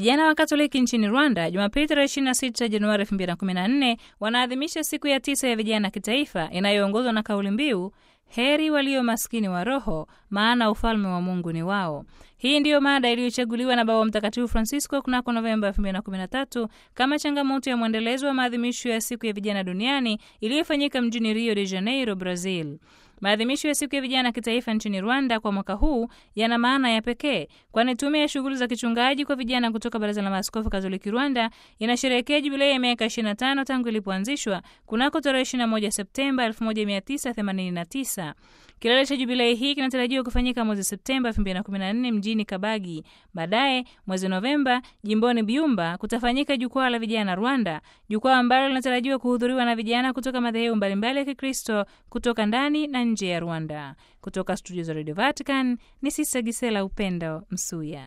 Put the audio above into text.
Vijana wa Katoliki nchini Rwanda Jumapili tarehe 26 Januari 2014 wanaadhimisha siku ya tisa ya vijana kitaifa inayoongozwa na kauli mbiu heri walio maskini wa roho, maana ufalme wa Mungu ni wao. Hii ndiyo mada iliyochaguliwa na Baba Mtakatifu Francisco kunako Novemba 2013 kama changamoto ya mwendelezo wa maadhimisho ya siku ya vijana duniani iliyofanyika mjini Rio de Janeiro, Brazil. Maadhimisho ya siku ya vijana kitaifa nchini Rwanda kwa mwaka huu yana maana ya pekee, kwani tume ya shughuli za kichungaji kwa vijana kutoka Baraza la Maaskofu Katoliki Rwanda inasherehekea jubilei ya miaka 25 tangu ilipoanzishwa kunako tarehe 21 Septemba 1989. Kilele cha jubilei hii kinatarajiwa kufanyika mwezi Septemba 2014 mjini mjini Kabagi. Baadaye mwezi Novemba, jimboni Byumba kutafanyika jukwaa la vijana Rwanda, jukwaa ambalo linatarajiwa kuhudhuriwa na vijana kutoka madhehebu mbalimbali ya Kikristo kutoka ndani na nje ya Rwanda. Kutoka studio za Radio Vatican ni Sisa Gisela Upendo Msuya.